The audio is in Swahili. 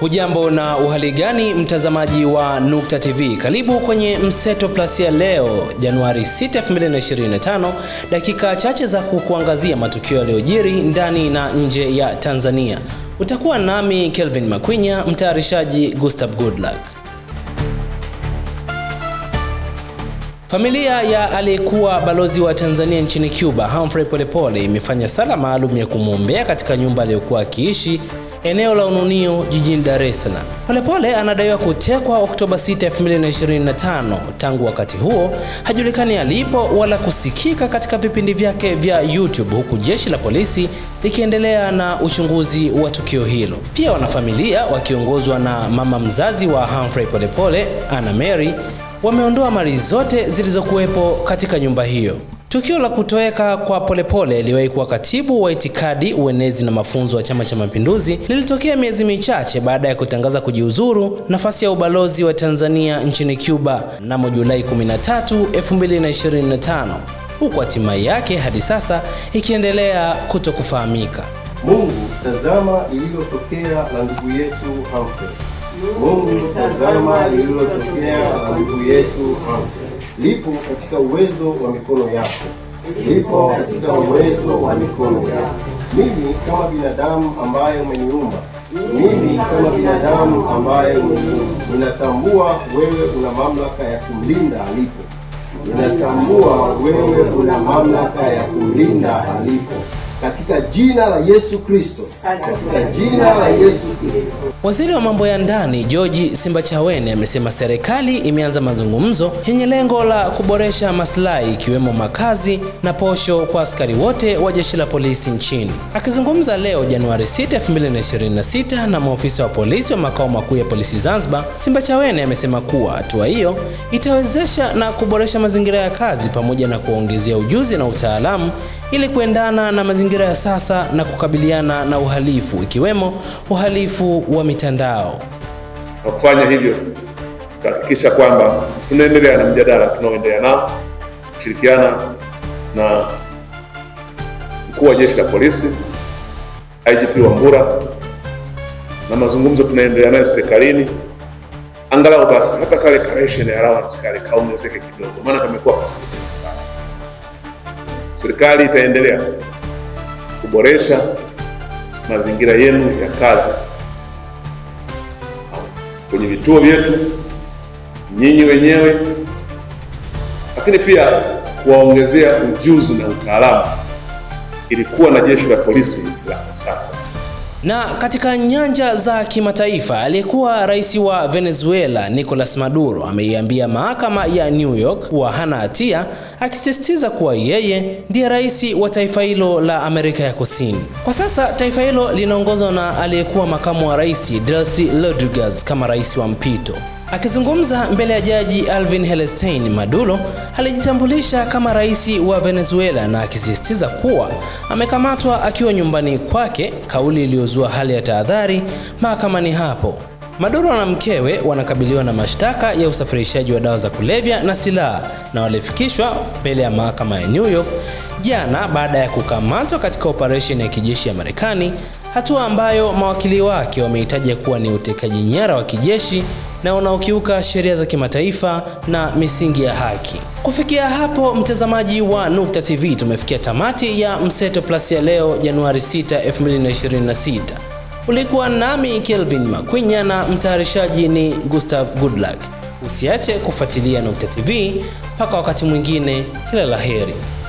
Hujambo na uhali gani, mtazamaji wa Nukta TV, karibu kwenye Mseto Plus ya leo Januari 6, 2025, dakika chache za kukuangazia matukio yaliyojiri ndani na nje ya Tanzania. Utakuwa nami Kelvin Makwinya, mtayarishaji Gustav Goodluck. Familia ya aliyekuwa balozi wa Tanzania nchini Cuba Humphrey Polepole imefanya sala maalum ya kumwombea katika nyumba aliyokuwa akiishi eneo la Ununio jijini Dar es Salaam. Polepole anadaiwa kutekwa Oktoba 6, 2025. Tangu wakati huo hajulikani alipo wala kusikika katika vipindi vyake vya YouTube, huku jeshi la polisi likiendelea na uchunguzi wa tukio hilo. Pia wanafamilia wakiongozwa na mama mzazi wa Humphrey Polepole, Anna Mary, wameondoa mali zote zilizokuwepo katika nyumba hiyo. Tukio la kutoweka kwa Polepole aliyewahi kuwa katibu wa itikadi, uenezi na mafunzo wa Chama cha Mapinduzi lilitokea miezi michache baada ya kutangaza kujiuzuru nafasi ya ubalozi wa Tanzania nchini Cuba mnamo Julai 13, 2025 huku hatima yake hadi sasa ikiendelea kutokufahamika. Mungu, tazama lililotokea la ndugu yetu Humphrey. Mungu, tazama lililotokea la ndugu yetu Humphrey lipo katika uwezo wa mikono yako, lipo katika uwezo wa mikono yako. Mimi kama binadamu ambaye umeniumba, mimi kama binadamu ambaye umeniumba, ninatambua wewe una mamlaka ya kumlinda alipo, ninatambua wewe una mamlaka ya kumlinda alipo katika jina la Yesu Kristo, katika jina la Yesu Kristo. Waziri wa mambo ya ndani George Simbachawene amesema serikali imeanza mazungumzo yenye lengo la kuboresha maslahi ikiwemo makazi na posho kwa askari wote wa jeshi la polisi nchini. Akizungumza leo Januari 6, 2026 na maofisa wa polisi wa makao makuu ya polisi Zanzibar, Simbachawene amesema kuwa hatua hiyo itawezesha na kuboresha mazingira ya kazi pamoja na kuongezea ujuzi na utaalamu ili kuendana na mazingira ya sasa na kukabiliana na uhalifu ikiwemo uhalifu wa mitandao. Kwa kufanya hivyo, tutahakikisha kwamba tunaendelea na mjadala tunaoendelea nao kushirikiana na mkuu wa jeshi la polisi, IGP Wambura, na mazungumzo tunaendelea nayo serikalini angalau basi hata kale ya allowance kale kaongezeke kidogo, maana kamekuwa kasilimia sana. Serikali itaendelea kuboresha mazingira yenu ya kazi kwenye vituo vyetu, nyinyi wenyewe, lakini pia kuwaongezea ujuzi na utaalamu ili kuwa na jeshi la polisi la kisasa. Na katika nyanja za kimataifa, aliyekuwa rais wa Venezuela Nicolas Maduro ameiambia mahakama ya New York kuwa hana hatia, akisisitiza kuwa yeye ndiye rais wa taifa hilo la Amerika ya Kusini. Kwa sasa taifa hilo linaongozwa na aliyekuwa makamu wa rais Delcy Rodriguez kama rais wa mpito. Akizungumza mbele ya jaji Alvin Helestein, Maduro alijitambulisha kama rais wa Venezuela na akisisitiza kuwa amekamatwa akiwa nyumbani kwake, kauli iliyozua hali ya tahadhari mahakamani hapo. Maduro na mkewe wanakabiliwa na mashtaka ya usafirishaji wa dawa za kulevya na silaha na walifikishwa mbele ya mahakama ya New York jana baada ya kukamatwa katika operesheni ya kijeshi ya Marekani, hatua ambayo mawakili wake wamehitaji kuwa ni utekaji nyara wa kijeshi na wanaokiuka sheria za kimataifa na misingi ya haki. Kufikia hapo, mtazamaji wa Nukta TV, tumefikia tamati ya Mseto Plus ya leo Januari 6, 2026. Ulikuwa nami Kelvin Makwinya na mtayarishaji ni Gustav Goodluck. Usiache kufuatilia Nukta TV. Mpaka wakati mwingine, kila laheri.